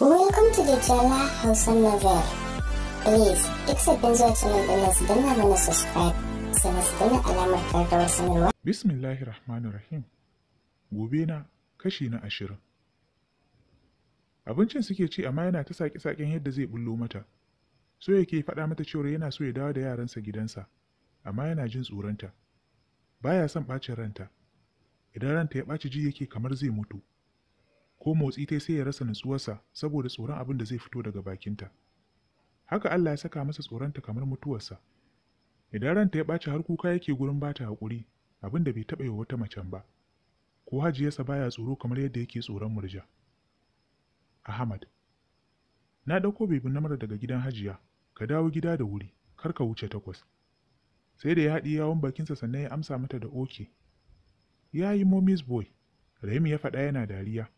Welcome to the Jala Hausa Novel. Please, duk sabbin zuwa channel din nasu danna mana subscribe sannan su danna alamar karkawar sanarwa. Bismillahir Rahmanir Rahim. Gobe na kashi na ashirin. Abincin suke ci amma yana ta saƙe-saƙen yadda zai bullo mata. So yake faɗa mata cewa yana so ya dawo da yaransa gidansa, amma yana jin tsoronta. Baya son ɓacin ranta. Idan ranta ya ɓaci ji yake kamar zai mutu. ko motsi ta sai ya rasa nutsuwarsa saboda tsoron abin da zai fito daga bakinta haka Allah ya saka masa tsoronta kamar mutuwarsa idan ranta ya ɓaci har kuka yake gurin bata haƙuri abin da bai taɓa yi wata macen ba ko hajiyarsa baya tsoro kamar yadda yake tsoron murja Ahmad na ɗauko bibin namar daga gidan hajiya ka dawo gida da wuri kar ka wuce takwas sai da ya haɗi yawon bakinsa sannan ya amsa mata da oke ya yi momis boy rahim ya faɗa yana dariya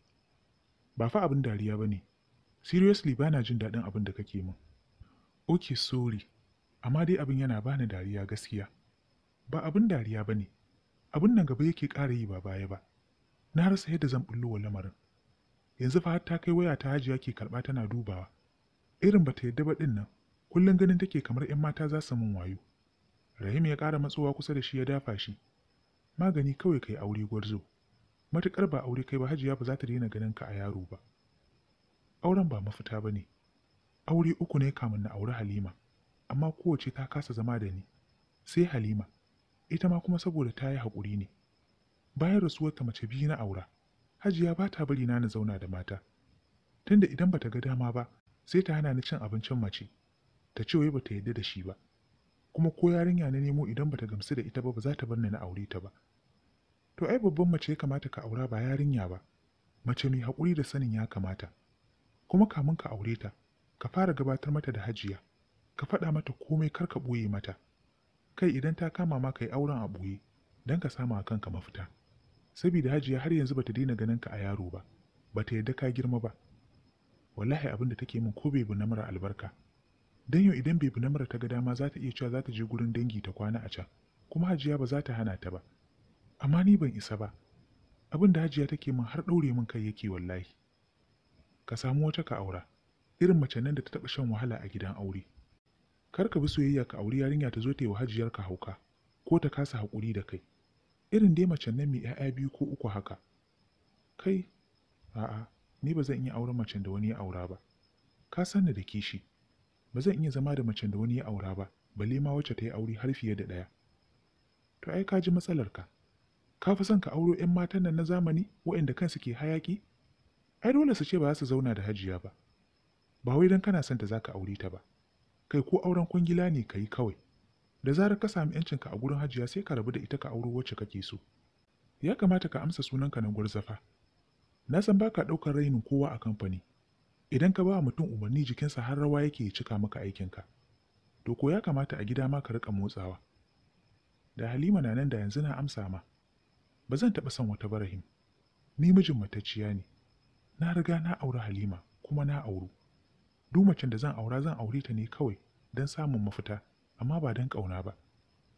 ba fa abin dariya ba ne seriously ba na jin daɗin abin da kake min ok sorry amma dai abin yana ba ni dariya gaskiya ba abin dariya ba ne abin nan gaba yake ƙara yi ba baya ba na rasa yadda zan bullo wa lamarin yanzu fa har ta kai waya ta hajiya ke karɓa tana dubawa irin ba ta yadda ba ɗin nan kullum ganin take kamar 'yan mata za su min wayo rahim ya ƙara matsowa kusa da shi ya dafa shi magani kawai ka yi aure gwarzo matuƙar ba aure kai ba hajiya ba za ta daina ganin ka a yaro ba auren ba mafita ba ne aure uku ne kamun na auri halima amma kowace ta kasa zama da ni sai halima ita ma kuma saboda ta yi haƙuri ne bayan rasuwar ta mace biyu na aura hajiya ba ta bari na na zauna da mata tunda idan bata ga dama ba sai ta hana ni cin abincin mace ta ce wai bata yadda da shi ba kuma ko yarinya na nemo idan bata gamsu da ita ba ba za ta bar ni na aure ta ba to ai babban mace ya kamata ka aura ba yarinya ba mace mai haƙuri da sanin ya kamata kuma kamun ka aure ta ka fara gabatar mata da hajiya ka faɗa mata komai kar ka ɓoye mata kai idan ta kama ma ka yi auren a ɓoye don ka sama a kanka mafita Sabida hajiya har yanzu bata daina ganin ka a yaro ba bata yadda ka girma ba wallahi abin da take min ko bai bi namara albarka dan yau idan bai bi namara ta ga dama za ta iya cewa za ta je gurin dangi ta kwana a can kuma hajiya ba za ta hana ta ba amma ni ban isa ba abin da hajiya take min har ɗaure min kai yake wallahi ka samu wata ka aura irin mace nan da ta taɓa shan wahala a gidan aure kar ka bi soyayya ka auri yarinya ta zo ta yi wa hajiyar ka hauka ko ta kasa haƙuri da kai irin dai mace nan mai 'ya'ya biyu ko uku haka kai a'a ni ba zan iya auren macen da wani ya aura ba ka san da kishi ba zan iya zama da mace da wani ya aura ba balle ma wacce ta yi aure har fiye da ɗaya to ai ka ji matsalar ka ka fi son ka auro 'yan matan nan na zamani waɗanda kansu ke hayaƙi ai dole su ce ba za su zauna da hajiya ba ba wai don kana son ta za ka aure ta ba kai ko auren kwangila ne ka yi kawai da zarar ka sami ka a gurin hajiya sai ka rabu da ita ka auro wacce kake so ya kamata ka amsa sunanka na gurzafa. na san ba ka ɗaukar rainin kowa a kamfani idan ka ba mutum umarni jikinsa har rawa yake cika maka aikinka to ko ya kamata a gida ma ka riƙa motsawa da halima na nan da yanzu na amsa ma ba zan taɓa son wata barahim ni mijin matacciya ne na riga na auri halima kuma na auru duk macen da zan aura zan aure ta ne kawai don samun mafita amma ba don ƙauna ba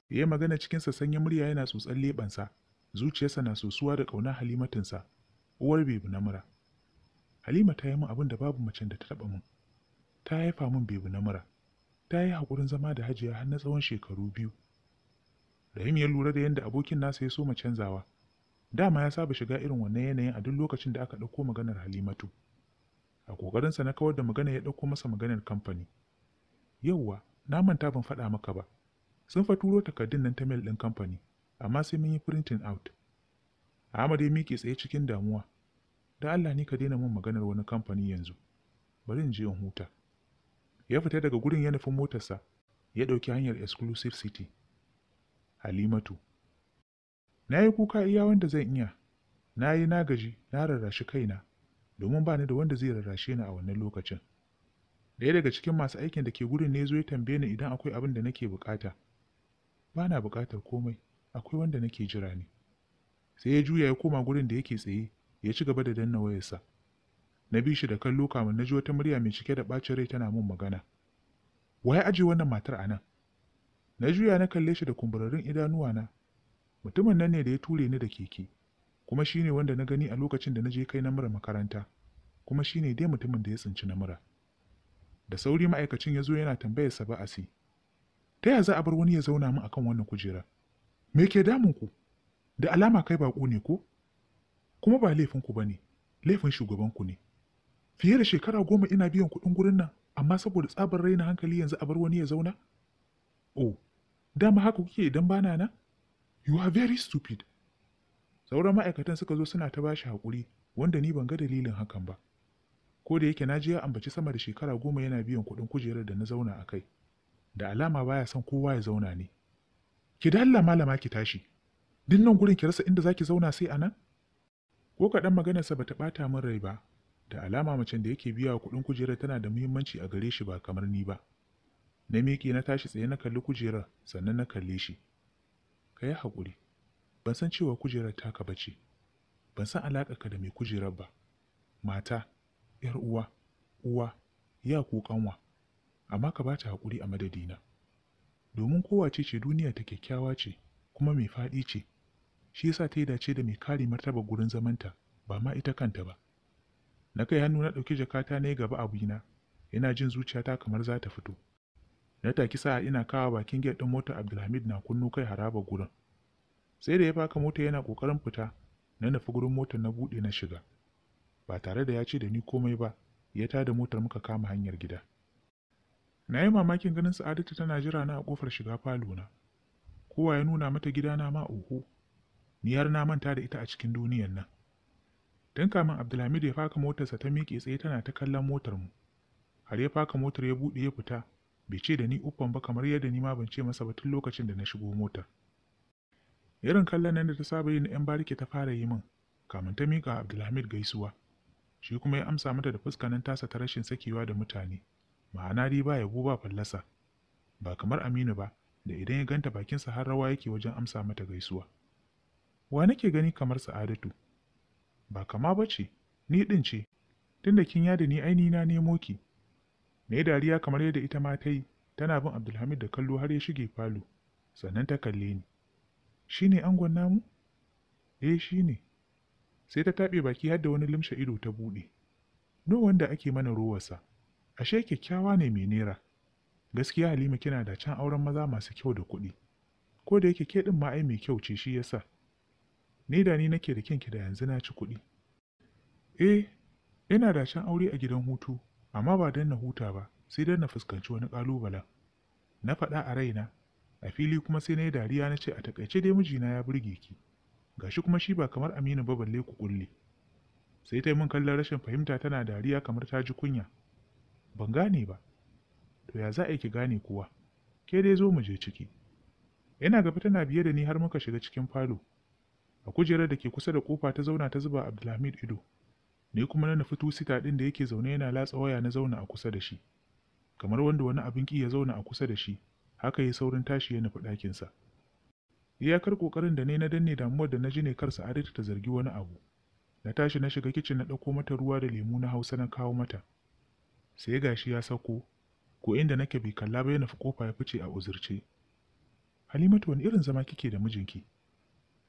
yi magana cikin sanyin murya yana tsotsar leɓensa zuciyarsa na sosuwa da ƙauna halimatinsa uwar bebu na mura halima ta yi min abin da babu macen da ta taɓa min ta haifa min bebu na mura ta yi haƙurin zama da hajiya har na tsawon shekaru biyu rahim ya lura da yadda abokin nasa ya so ma canzawa dama ya saba shiga irin wannan yanayin a duk lokacin da aka ɗauko maganar halimatu a ƙoƙarinsa na kawar da magana ya ɗauko masa maganar kamfani yauwa na manta ban faɗa maka ba sun fa turo takardun nan ta mail ɗin kamfani amma sai mun yi printing out Ahmad ya miƙe tsaye cikin damuwa da Allah ni ka daina min maganar wani kamfani yanzu bari in je in huta ya fita daga gurin ya motarsa ya ɗauki hanyar exclusive city halimatu Na yi kuka iya wanda zan iya, na yi na gaji na rarrashi kaina, domin ba ni da wanda zai rarrashe ni a wannan lokacin. Ɗaya daga cikin masu aikin da ke gurin ne zo ya tambaye ni idan akwai abin da nake bukata. Ba na bukatar komai, akwai wanda nake jira ni. Sai ya juya ya koma gurin da yake tsaye, ya ci gaba da danna wayarsa. Na bi shi da kallo kamun na ji wata murya mai cike da ɓacin rai tana min magana. Wa ya aje wannan matar a nan? Na juya na kalle shi da kumburarrun na. mutumin nan ne da ya ture ni da keke kuma shine wanda na gani a lokacin da na je kai na mura makaranta kuma shine dai mutumin da ya tsinci na mura da sauri ma'aikacin ya zo yana tambayar sa ba'asi ta ya za a bar wani ya zauna mu akan wannan kujera me ke damun ku da alama kai baƙo ne ko kuma ba laifin ku bane laifin shugaban ku ne fiye da shekara goma ina biyan kuɗin gurin nan amma saboda tsabar raina hankali yanzu a bar wani ya zauna oh dama haka kuke idan bana na You are very stupid. Sauran ma'aikatan suka zo suna ta bashi haƙuri wanda ni ban ga dalilin hakan ba. Ko da yake na je ya ambaci sama da shekara goma yana biyan kuɗin kujerar da na zauna a kai. Da alama baya son kowa ya zauna ne. Ki dalla malama ki tashi. Din nan gurin ki rasa inda zaki zauna sai a nan? Ko kaɗan maganarsa ta ɓata min rai ba. Da alama macen da yake biya wa kuɗin kujerar tana da muhimmanci a gare shi ba kamar ni ba. Na miƙe na tashi tsaye na kalli kujerar sannan na kalle shi. ka yi haƙuri ban san cewa kujerar taka ba ce ban san ka da mai kujerar ba mata ‘yar uwa uwa ya ko ƙanwa amma ka ba ta haƙuri a madadina domin kowace ce duniya ta kyakkyawa ce kuma mai faɗi ce shi yasa ta yi dace da mai kare martaba gurin zamanta ba ma ita kanta ba na kai hannu na ɗauki jakata na yi gaba abina yana jin zuciyata kamar za ta fito na taki sa ina kawo bakin gate ɗin motar abdulhamid na kunnu kai haraba gurin sai da ya faka mota yana ƙoƙarin fita na nufi gurin motar na buɗe na shiga ba tare da ya ce da ni komai ba ya tada motar muka kama hanyar gida na yi mamakin ganin sa'adatu tana jira na a ƙofar shiga falo na kowa ya nuna mata gida na ma oho ni har na manta da ita a cikin duniyar nan don kamin abdulhamid ya faka motarsa ta miƙe tsaye tana ta kallon motar mu har ya faka motar ya buɗe ya fita bai ce da ni uffan ba kamar yadda ni ma ban ce masa ba tun lokacin da na shigo mota irin kallon nan da ta saba yin na yan barike ta fara yi min kamin ta miƙa abdulhamid gaisuwa shi kuma ya amsa mata da fuskanin tasa ta rashin sakewa da mutane ma'ana dai ba yabo ba fallasa ba kamar aminu ba da idan ya ganta bakinsa har rawa yake wajen amsa mata gaisuwa wa nake gani kamar sa'adatu ba kama ba ce ni ɗin ce da kin yada ni aini na nemo ki Na yi dariya kamar yadda ita ma ta yi, tana bin Abdulhamid da kallo har ya shige falo, sannan ta kalle ni. Shi ne angon namu? Eh shi ne. Sai ta taɓe baki har da wani limsha ido ta buɗe. No wanda ake mana rowarsa, ashe kyakkyawa ne mai nera. Gaskiya Halima kina da can auren maza masu kyau da kuɗi. Ko da yake ke ɗin ma ai mai kyau ce shi yasa. Ni da ni nake da kyanki da yanzu na ci kuɗi. Eh, ina da can aure a gidan hutu amma ba don na huta ba sai don na fuskanci wani ƙalubalen na faɗa a raina a fili kuma sai na yi dariya na ce a takaice dai mijina ya burge ki gashi kuma shi ba kamar aminu ba balle ku kulle sai ta yi min kallon rashin fahimta tana dariya kamar ta ji kunya ban gane ba to ya za a yi ki gane kuwa ke dai zo mu je ciki yana gaba tana biye da ni har muka shiga cikin falo a kujerar da ke kusa da kofa ta zauna ta zuba abdulhamid ido ni kuma na nufi tusita ɗin da yake zaune yana latsa waya na zauna a kusa da shi kamar wanda wani abin ki ya zauna a kusa da shi haka ya saurin tashi ya nufi ɗakinsa iyakar ƙoƙarin da ne na danne damuwar da na ji ne kar sa'adatu ta zargi wani abu na tashi na shiga kicin na ɗauko mata ruwa da lemu na hausa na kawo mata sai gashi ya sako, ko inda nake bai kalla ba ya nufi kofa ya fice a uzurce halimatu wani irin zama kike da mijinki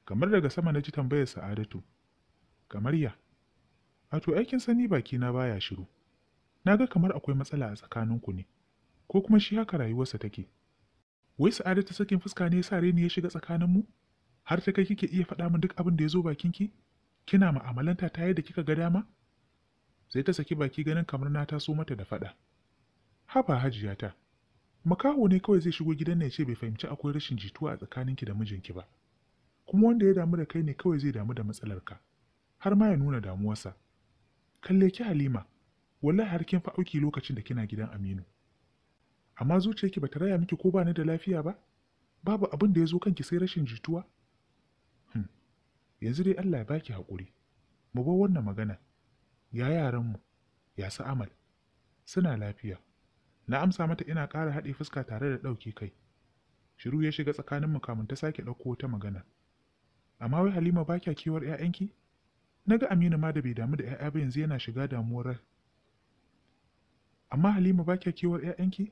kamar daga sama na ji tambayar sa'adatu kamar ya A to aikin sani bakina baya shiru. Na ga kamar akwai matsala a tsakaninku ne, ko kuma shi haka rayuwarsa take. Wai sa'ada ta sakin fuska ne sa reni ya shiga tsakaninmu? Har ta kai kike iya faɗa min duk abin da ya zo bakinki? Kina ma'amalanta ta yadda kika ga dama? Sai ta saki baki ganin kamar na taso mata da faɗa. Haba hajiyata, makaho ne kawai zai shigo gidan ya ce bai fahimci akwai rashin jituwa a tsakaninki da mijinki ba. Kuma wanda ya damu da kai ne kawai zai damu da matsalarka, har ma ya nuna damuwarsa. kalle ki Halima wallahi har kin fa auki lokacin da kina gidan Aminu amma zuciyarki bata raya miki ko ba bani da lafiya ba babu abin da ya zo kanki sai rashin jituwa hmm. yanzu dai Allah ya baki haƙuri mu bar wannan magana ya yaranmu ya su amal suna lafiya na amsa mata ina ƙara haɗe fuska tare da ɗauki kai shiru ya shiga tsakaninmu kamun ta sake ɗauko wata magana amma wai halima ba kya kewar 'ya'yanki Na ga Aminu ma da bai damu da ‘ya'ya ba yanzu yana shiga damuwar. Amma Halima ba kya kewar ‘ya'yanki?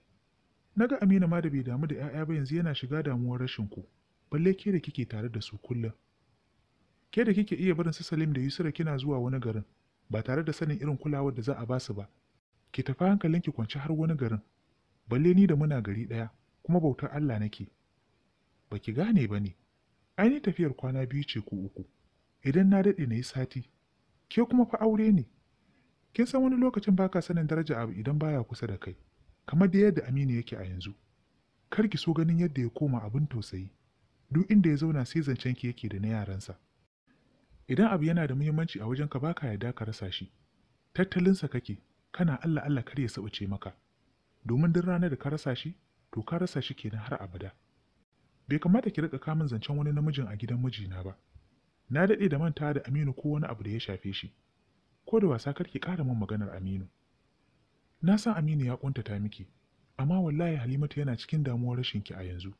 Na ga Aminu ma da bai damu da ‘ya'ya ba yanzu yana shiga damuwar rashin ku, balle ke da kike tare da su kullum. Ke da kike iya barin su Salim da Yusra kina zuwa wani garin, ba tare da sanin irin kulawar da za a basu ba. Ki tafi hankalin ki kwance har wani garin, balle ni da muna gari ɗaya, kuma bautar Allah nake. Ba ki gane ba ne, ainihin tafiyar kwana biyu ce ko uku. idan na daɗe na yi sati ke kuma fa aure ne kin san wani lokacin baka sanin daraja abu idan baya kusa da kai kamar da yadda aminu yake a yanzu kar ki so ganin yadda ya koma abin tausayi duk inda ya zauna sai zancen ki yake da na yaransa idan abu yana da muhimmanci a wajenka baka yarda ka rasa shi tattalinsa kake kana Allah Allah kar ya sauce maka domin duk ranar da ka rasa shi to ka rasa shi kenan har abada bai kamata ki rika kamun zancen wani namijin a gidan mijina ba na daɗe da manta da Aminu ko wani abu da ya shafe shi ko da wasa karki ƙara min maganar Aminu na san Aminu ya ƙuntata miki amma wallahi Halimatu yana cikin damuwar rashin ki a yanzu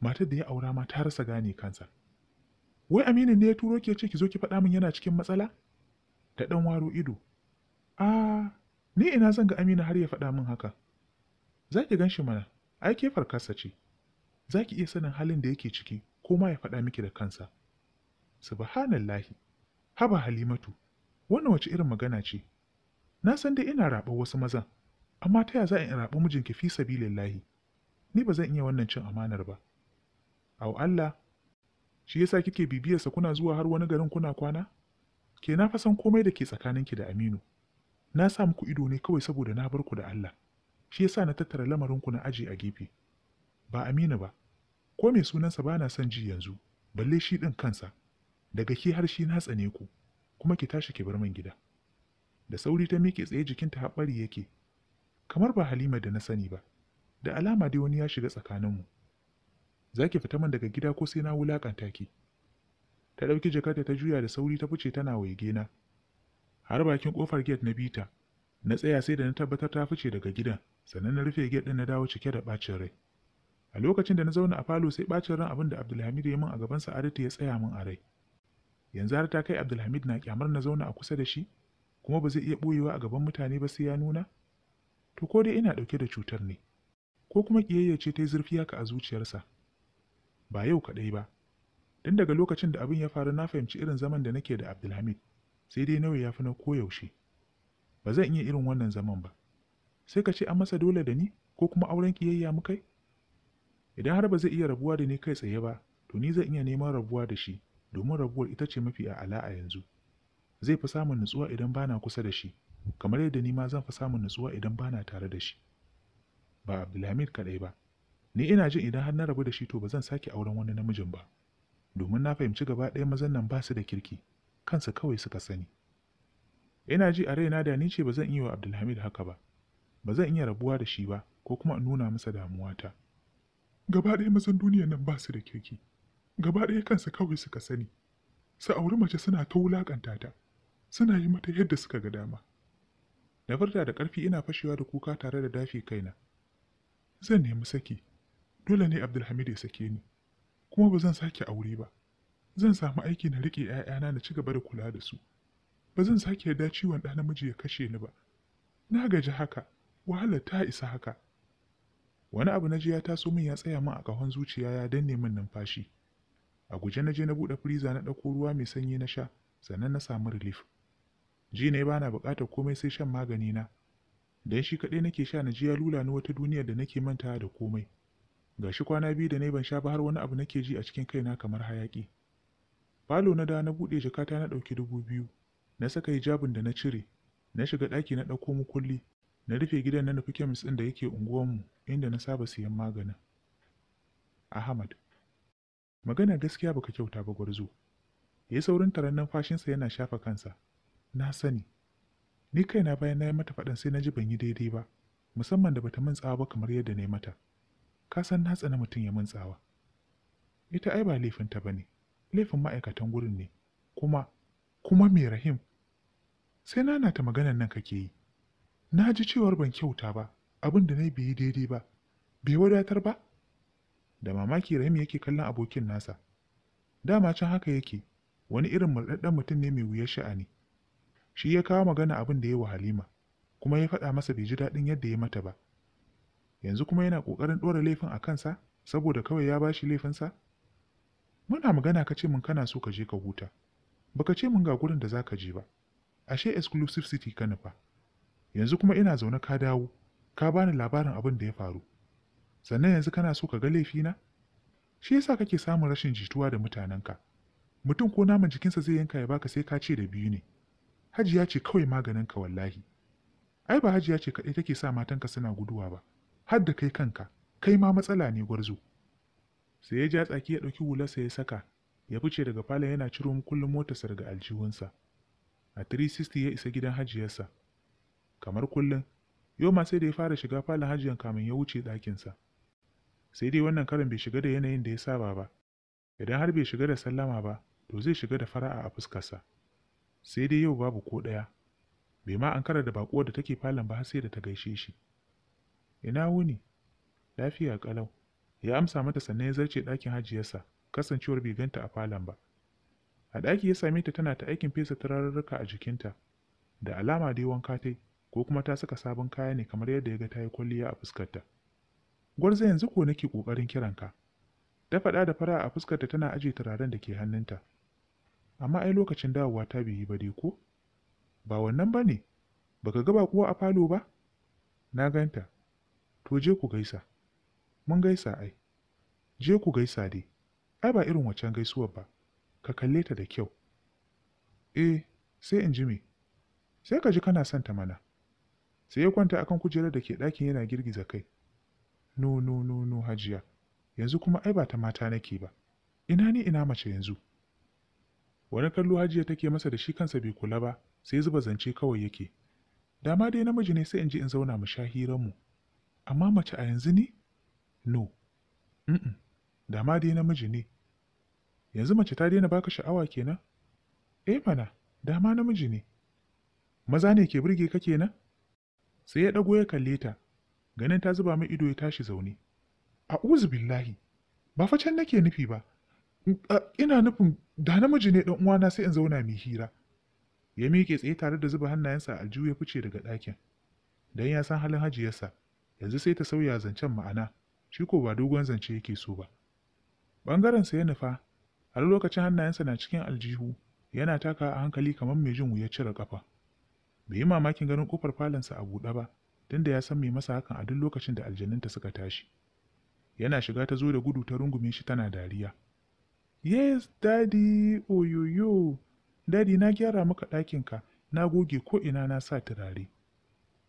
matar da ya aura ma ta rasa gane kansa wai Aminu ne ya turo ki ce ki zo ki faɗa min yana cikin matsala Da ɗan waro ido a ni ina zan ga Aminu har ya faɗa min haka za ki gan shi mana ai ke farkarsa ce za ki iya sanin halin da yake ciki ko ma ya faɗa miki da kansa subhanallahi haba halimatu wannan wace irin magana ce na san dai ina rabon wasu mazan amma ta ya za in rabu mijinki fi sabilillahi ni ba zan iya wannan cin amanar ba au Allah shi yasa kike sa kuna zuwa har wani garin kuna kwana ke na fa komai da ke ki da Aminu na sa muku ido ne kawai saboda na bar ku da Allah shi yasa na tattara lamarin ku na aji a gefe ba Aminu ba ko me sunansa ba na son ji yanzu balle shi din kansa daga ki har shi na tsane ku kuma ki tashi ki bar min gida da sauri ta miƙe tsaye jikinta haɓari yake kamar ba halima da na sani ba da alama dai wani ya shiga tsakaninmu za ki fita man daga gida ko sai na wulaƙanta ki ta ɗauki jakarta ta juya da sauri ta fice tana waige na har bakin ƙofar get na bita na tsaya sai da na tabbatar ta fice daga gidan sannan na rufe get ɗin na dawo cike da ɓacin rai a lokacin da na zauna a falo sai ɓacin ran abin da abdulhamid ya min a gaban sa'adatu ya tsaya min a rai yanzu har ta kai abdulhamid na kyamar na zauna a kusa da shi kuma ba zai iya ɓoyewa a gaban mutane ba sai ya nuna to ko dai ina ɗauke da cutar ne ko kuma ƙiyayya ce ta yi zurfi haka a zuciyarsa ba yau kaɗai ba don daga lokacin da abin ya faru na fahimci irin zaman da nake da abdulhamid sai dai nawa ya fi na koyaushe ba zan iya irin wannan zaman ba sai ka ce an masa dole da ni ko kuma auren ƙiyayya mu kai idan har ba zai iya rabuwa da ni kai tsaye ba to ni zan iya neman rabuwa da shi domin raguwar ita ce mafi a'ala a yanzu zai fi samun nutsuwa idan bana kusa da shi kamar yadda ni ma zan fi samun nutsuwa idan na tare da shi ba Abdulhamid kadai ba ni ina jin idan har na rabu da shi to ba zan sake auren wani namijin ba domin na fahimci gaba ɗaya mazan nan ba su da kirki kansu kawai suka sani ina ji a raina da ni ce ba zan iya wa Abdulhamid haka ba ba zan iya rabuwa da shi ba ko kuma in nuna masa damuwata gaba ɗaya mazan duniyar nan ba su da kirki gaba ɗaya kansu kawai suka sani su auri mace suna ta wulaƙanta ta suna yi mata yadda suka ga dama na farta da ƙarfi ina fashewa da kuka tare da dafi kaina zan nemi saki dole ne abdulhamid ya sake ni kuma ba zan sake aure ba zan samu aiki na riƙe 'ya'yana na ci gaba da kula da su ba zan sake yarda ciwon ɗa namiji ya kashe ni ba na gaji haka wahalar ta isa haka wani abu na ji ya taso min ya tsaya min a ƙahon zuciya ya danne min numfashi a guje na je na buɗe firiza na ɗauko ruwa mai sanyi na sha sannan na samu relief ji ne ba na buƙatar komai sai shan magani na dan shi kaɗai nake sha na ji ya lula ni wata duniya da nake manta da komai Ga shi kwana biyu da ne ban sha ba har wani abu nake ji a cikin kaina kamar hayaƙi falo na da na bude jakata na ɗauki dubu biyu na saka hijabin da na cire na shiga ɗaki na ɗauko mukulli na rufe gidan na nufi kemis ɗin da yake unguwanmu inda na saba siyan maganin ahmad Magana gaskiya baka kyauta ba gwarzo. Ya saurin taron numfashinsa yana shafa kansa. Na sani. Ni kaina bayan na yi mata faɗan sai na ji ban yi daidai ba, musamman da bata min tsawa ba kamar yadda na yi mata. Ka san na tsana mutum ya min tsawa. Ita ai ba laifinta ba ne, laifin ma'aikatan gurin ne, kuma, kuma mai rahim. Sai na nata maganan nan kake yi. Na ji cewar ban kyauta ba, abin da na yi bai yi daidai ba, bai wadatar ba? da mamaki Rahim yake kallon abokin nasa. Dama can haka yake, wani irin murɗaɗɗen mutum ne mai wuyar sha'ani. Shi ya kawo magana abin da ya wa Halima, kuma ya faɗa masa bai ji daɗin yadda ya mata ba. Yanzu kuma yana ƙoƙarin ɗora laifin a kansa saboda kawai ya bashi laifinsa? Muna magana ka ce min kana so ka je ka huta, baka ce min ga gurin da za ka je ba. Ashe exclusive city ka nufa. Yanzu kuma ina zaune ka dawo, ka bani labarin abin da ya faru. sannan yanzu kana so ka ga laifina shi yasa kake samun rashin jituwa da mutanenka mutum ko naman jikinsa zai yanka ya baka sai ka ce da biyu ne hajiya ce kawai maganin ka, wallahi ai ba hajiya ce kaɗai take sa matanka suna guduwa ba har da kai kanka kai ma matsala ne gwarzo sai ya ja tsaki ya ɗauki hularsa ya saka ya fice daga falon yana ciro kullum motarsa daga aljihunsa a 360 ya isa gidan hajiyarsa kamar kullum yau ma sai da ya fara shiga falon hajiyan kamin ya wuce ɗakinsa sai dai wannan karin bai shiga da yanayin da ya saba ba idan har bai shiga da sallama ba to zai shiga da fara'a a fuskarsa sai dai yau babu ko ɗaya bai ma an kara da baƙo da take falon ba har sai da ta gaishe shi ina wuni lafiya ƙalau ya amsa mata sannan ya zarce ɗakin hajiyarsa kasancewar bai ganta a falon ba a ɗaki ya same ta tana ta aikin fesa turarurruka a jikinta da alama dai wanka ta ko kuma ta saka sabon kaya ne kamar yadda ya ga ta yi kwalliya a fuskarta Gwarza yanzu ko nake ƙoƙarin kiranka. Ta faɗa da fara a fuskarta tana aje turaren da ke hannunta. Amma ai lokacin dawowa ta bai yi ba dai ko? Ba wannan ba ne, Ba ka gaba kuwa a falo ba? Na ganta, to je ku gaisa. Mun gaisa ai. Je ku gaisa dai, ai ba irin waccan gaisuwar ba, ka kalle ta da kyau. Eh, sai in ji me, sai ka ji kana son ta mana. Sai ya kwanta akan kujerar da ke ɗakin yana girgiza kai. No, no, no, no, hajiya. Yanzu kuma ai ba ta mata nake ba. Ina ni ina mace yanzu? Wani kallo hajiya take masa da shi kansa bai kula ba, sai zuba zance kawai yake. Dama dai namiji ne sai in ji in zauna mu sha hiranmu. Amma mace a yanzu ne? No. Mm, Dama dai namiji ne. Yanzu mace ta daina baka sha'awa kenan? Eh mana, dama namiji ne. Maza ne ke burge ka kenan? Sai ya ɗago ya kalle ta, ganin ta zuba mai ido ya tashi zaune a uzu billahi ba facen nake nufi ba ina nufin da namiji ne dan uwana sai in zauna mai hira ya miƙe tsaye tare da zuba hannayensa a aljihu ya fice daga ɗakin dan ya san halin hajiyarsa yanzu sai ta sauya zancen ma'ana shi ko ba dogon zance yake so ba ɓangarensa ya nufa a lokacin hannayensa na cikin aljihu yana taka a hankali kamar mai jin wuyar cire ƙafa. bai yi mamakin ganin ƙofar falonsa a buɗe ba tunda ya san mai masa hakan a duk lokacin da aljaninta suka tashi. Yana shiga ta zo da gudu ta rungume shi tana dariya. Yes, daddy, oyoyo, daddy na gyara maka ɗakinka, na goge ko ina na sa turare.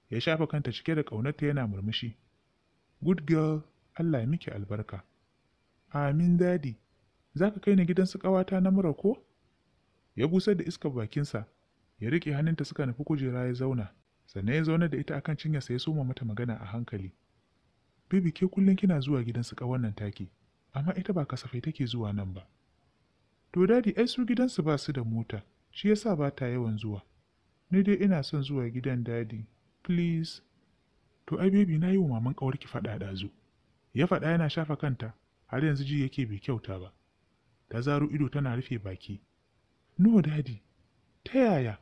Ya shafa kanta cike da ƙaunarta yana murmushi. Good girl, Allah ya miki albarka. Amin dadi, za ka kai ni gidan su ƙawata na mura ko? Ya busar da iskar bakinsa, ya riƙe hannunta suka nufi kujera ya zauna. sannan ya zaune da ita akan cinyarsa ya soma mata magana a hankali bibi ke kullum kina zuwa gidansu ƙawan nan take amma ita ba kasafai take zuwa nan ba to dadi ai su gidansu ba su da mota shi yasa ba ta yawan zuwa ni dai ina son zuwa gidan dadi please to ai bibi na yi wa maman ƙawarki faɗa ɗazu ya faɗa yana shafa kanta har yanzu ji yake bai kyauta ba ta zaro ido tana rufe baki no dadi ta yaya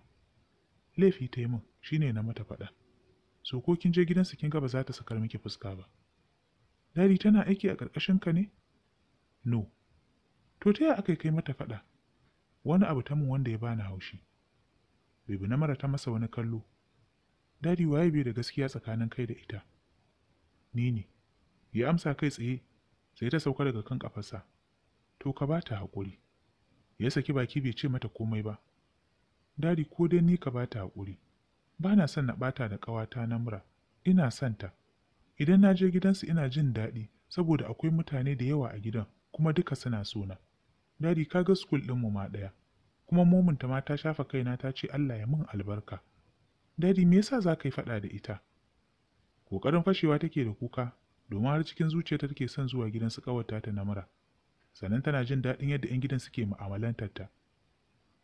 laifi ta yi min shine na mata faɗa so ko kin je gidansa kin ga ba za ta sakar miki fuska ba Dari tana aiki a ƙarƙashin ka ne no to ta aka kai mata faɗa wani abu ta mun wanda ya bani haushi bibi na mara ta masa wani kallo dadi waye bai da gaskiya tsakanin kai da ita ni ne ya amsa kai tsaye sai ta sauka daga kan kafarsa to ka ba ta haƙuri ya saki baki bai ce mata komai ba dadi ko dai ni ka ba ta haƙuri Ba na son na ɓata da ƙawata mura ina son ta. Idan na je gidansu ina jin daɗi saboda akwai mutane da yawa a gidan kuma duka suna suna Dadi ka ga skul ɗinmu ma ɗaya, kuma momunta ma ta shafa kaina ta ce Allah ya min albarka. Dadi me yasa za ka yi faɗa da ita? Ƙoƙarin fashewa take da kuka domin har cikin zuciyarta take son zuwa gidan su ƙawarta ta namura. Sannan tana jin daɗin yadda 'yan gidan suke ma'amalantarta.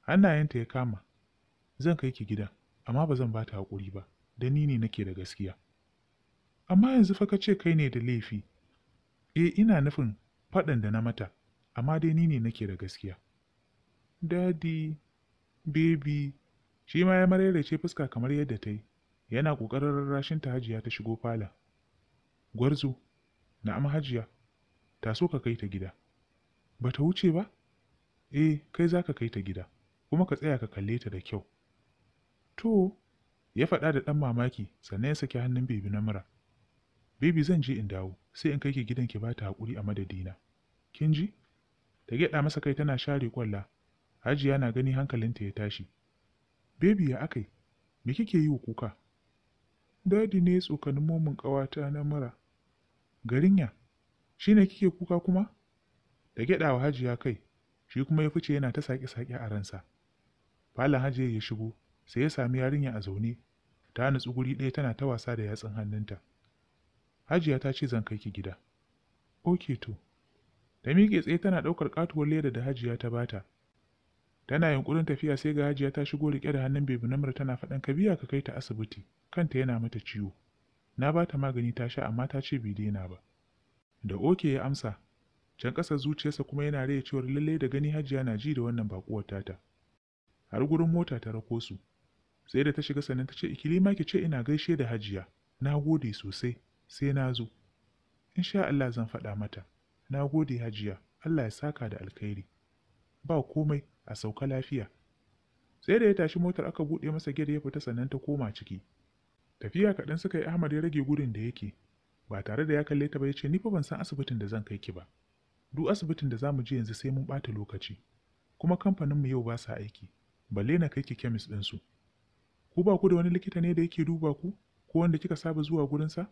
Hannayenta ya kama, zan kai ki gidan. amma ba zan ba ta haƙuri ba da ni ne nake da gaskiya amma yanzu fa ka ce kai ne da laifi Eh ina nufin faɗan da na mata amma dai ni ne nake da gaskiya dadi baby shi ma ya marairace fuska kamar yadda ta yi yana ƙoƙarin rarrashin ta hajiya ta shigo fala gwarzo na'am hajiya ta so ka kai ta gida ba ta wuce ba eh kai za ka kai ta gida kuma ka tsaya ka kalle ta da kyau To, ya faɗa da ɗan mamaki sannan ya saki hannun bebi na mura. Bebi zan je in dawo, sai in kai ki gidan ki ba ta haƙuri a madadina. Kin ji? Ta gyaɗa masa kai tana share ƙwalla. Hajiya na gani hankalinta ya tashi. Bebi ya akai, me kike yi wa kuka? Dadi ne tsokanin momin ƙawata na mura. Garinya, shi ne kike kuka kuma? Da wa hajiya kai, shi kuma ya fice yana ta saƙe-saƙe a ransa. Falon hajiya ya shigo, sai ya sami yarinya a zaune ta nutsu tsuguri ɗaya tana ta wasa da yatsun hannunta hajiya ta ce zan kai ki gida oke to ta miƙe tsaye tana ɗaukar ƙatuwar leda da hajiya ta bata tana yunƙurin tafiya sai ga hajiya ta shigo riƙe da hannun bebi namar tana faɗan ka biya ka kai ta asibiti kanta yana mata ciwo na bata magani ta sha amma ta ce bai daina ba da oke ya amsa can ƙasa zuciyarsa kuma yana raya cewar lallai da gani hajiya na ji da wannan baƙuwar tata har gurin mota ta rako su sai da ta shiga sannan ta ce ikilima ki ce ina gaishe da hajiya na gode sosai sai na zo in sha Allah zan faɗa mata na gode hajiya Allah ya saka da alkhairi ba komai a sauka lafiya sai da ya tashi motar aka buɗe masa gida ya fita sannan ta koma ciki tafiya kaɗan suka yi Ahmad ya rage gudun da yake ba tare da ya kalle ta ba ya ce ni fa ban san asibitin da zan kai ki ba duk asibitin da za mu je yanzu sai mun ɓata lokaci kuma kamfaninmu yau ba sa aiki balle na kai ki kemis ɗinsu ko ba ku da wani likita ne da yake duba ku ko wanda kika saba zuwa gurinsa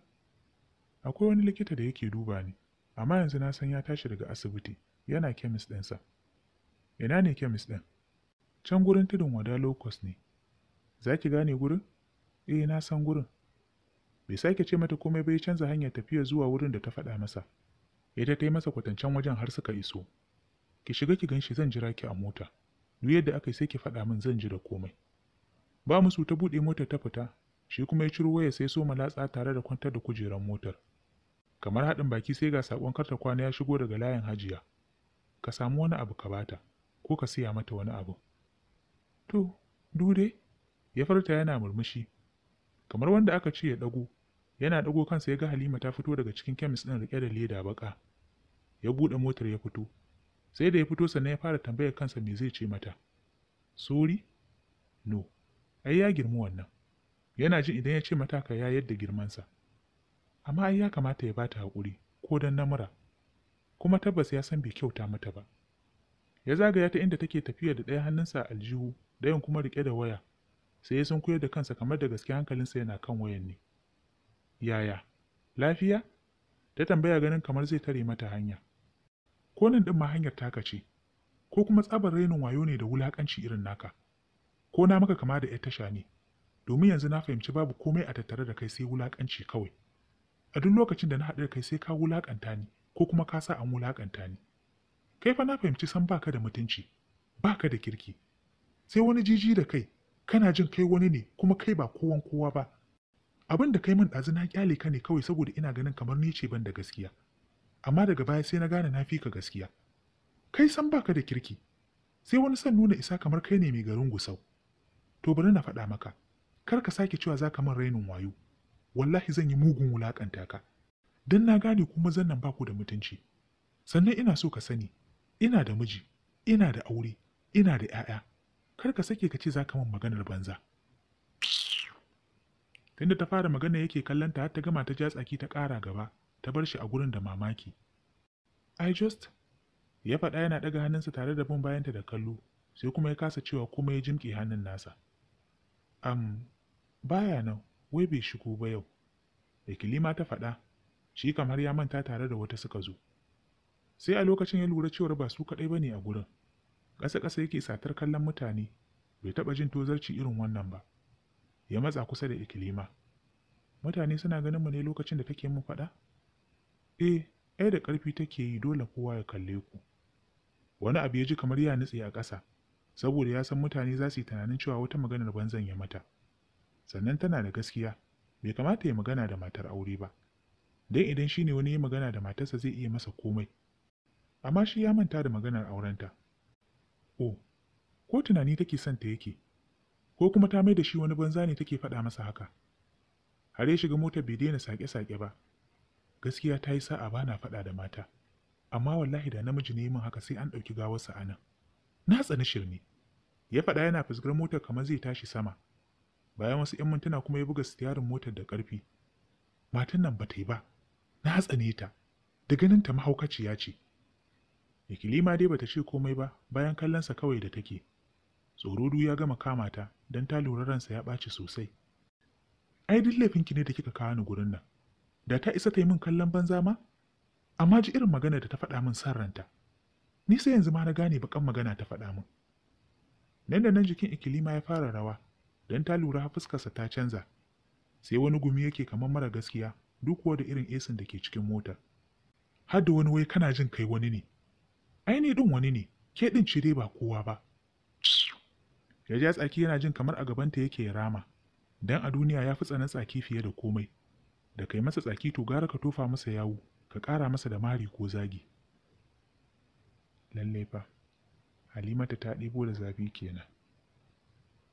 akwai wani likita da yake duba ni amma yanzu na san ya tashi daga asibiti yana kemis ɗinsa ina ne kemis ɗin can gurin tudun wada locust ne za ki gane gurin eh na san gurin bai sake ce mata komai bai canza hanyar tafiya zuwa wurin da ta faɗa masa ita ta yi masa kwatancen wajen har suka iso ki shiga ki ganshi zan jira ki a mota duk yadda aka yi sai ki faɗa min zan ji da komai Ba su ta buɗe mota ta fita, shi kuma ya ciro waya sai so latsa tare da kwantar da kujerar motar. Kamar haɗin baki sai ga saƙon karta kwana ya shigo daga layin hajiya. Ka samu wani abu ka bata, ko ka siya mata wani abu. To, dude, ya farta yana murmushi. Kamar wanda aka ce ya ɗago, yana ɗago kansa ya ga Halima ta fito daga cikin kemis ɗin riƙe da leda baƙa. Ya buɗe motar ya fito. Sai da ya fito sannan ya fara tambayar kansa me zai ce mata. Sori? No. ai ya girmi wannan yana jin idan ya ce mata ka ya yadda girmansa amma ai ya kamata ya bata haƙuri ko don namura kuma tabbas ya san bai kyauta mata ba ya zagaya ta inda take tafiya da ɗaya hannunsa a aljihu ɗayan kuma riƙe da waya sai ya san koyar da kansa kamar da gaske hankalinsa yana kan wayan ne yaya lafiya ta tambaya ganin kamar zai tare mata hanya ko nan ɗin ma hanyar taka ce ko kuma tsabar rainin wayo ne da wulaƙanci irin naka ko na maka kama da 'yar tasha ne domin yanzu na fahimci babu komai a tattare da kai sai wulakanci kawai a duk lokacin da na haɗu da kai sai ka wulakanta ni ko kuma ka sa an wulakanta ni kai fa na fahimci san baka da mutunci baka da kirki sai wani jiji da kai kana jin kai wani ne kuma kai ba kowan kowa ba abin da kai min ɗazu na kyale ka ne kawai saboda ina ganin kamar ni ce ban da gaskiya amma daga baya sai na gane na fi ka gaskiya kai san baka da kirki sai wani san nuna isa kamar kai ne mai garin gusau to bari na faɗa maka kar ka sake cewa za ka min rainin wayo wallahi zan yi mugun wulaƙanta ka don na gane kuma zan nan baku da mutunci sannan ina so ka sani ina da miji ina da aure ina da 'ya'ya kar ka sake ka ce za ka min maganar banza tunda ta fara magana yake kallon ta har ta gama ta ja tsaki ta ƙara gaba ta bar shi a gurin da mamaki i just ya faɗa yana ɗaga hannunsa tare da bin bayanta da kallo sai kuma ya kasa cewa kuma ya jimƙe hannun nasa Am, baya nan, wai bai shigo ba yau, da kilima ta faɗa, shi kamar ya manta tare da wata suka zo. Sai a lokacin ya lura cewar ba su kaɗai ba ne a gurin, ƙasa-ƙasa yake satar kallon mutane, bai taɓa jin tozarci irin wannan ba. Ya matsa kusa da ikilima. Mutane suna ganin mu ne lokacin da take mun faɗa? Eh, ai da ƙarfi take yi dole kowa ya kalle ku. Wani abu ya ji kamar ya nutse a ƙasa, saboda ya san mutane za su yi tunanin cewa wata maganar banzan ya mata sannan tana da gaskiya bai kamata ya magana da matar aure ba dan idan shine wani ya magana da matarsa zai iya masa komai amma shi ya manta da maganar aurenta oh ko tunani take son ta yake ko kuma ta mai da shi wani banza ne take faɗa masa haka har ya shiga motar bai daina sake-sake ba gaskiya ta yi sa'a bana faɗa da mata amma wallahi da namiji ne min haka sai an ɗauki gawarsa a nan na tsani shirme ya faɗa yana fuskar motar kamar zai tashi sama bayan wasu 'yan mintuna kuma ya buga sitiyarin motar da ƙarfi matan nan ba ta yi ba na tsani ta da ganin ta mahaukaciya ce ikilima dai bata ce komai ba bayan kallonsa kawai da take tsorodu ya gama kama ta don ta lura ransa ya ɓaci sosai ai duk laifinki ne da kika kawo ni gurin nan da ta isa ta yi min kallon banza ma amma ji irin magana da ta faɗa min san ranta Ni sai yanzu ma na gane bakan magana ta faɗa min. Nan da nan jikin ikilima ya fara rawa, don ta lura fuskarsa ta canza. Sai wani gumi yake kamar mara gaskiya, duk da irin esin da ke cikin mota Har da wani wai kana jin kai wani ne. Ai ni ɗin wani ne, ke ɗin cire ba kowa ba. Ya ja tsaki yana jin kamar a gabanta yake rama, don a duniya ya fi tsanan tsaki fiye da komai. Da kai masa tsaki to gara ka tofa masa yawu, ka ƙara masa da mari ko zagi. lalle fa halimatu ta ɗibo da zafi kenan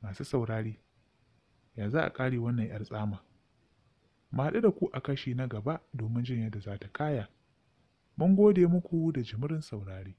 masu saurari ya za a ƙare wannan 'yar tsama haɗu da ku a kashi na gaba domin jin yadda za ta kaya mun gode muku da jimirin saurari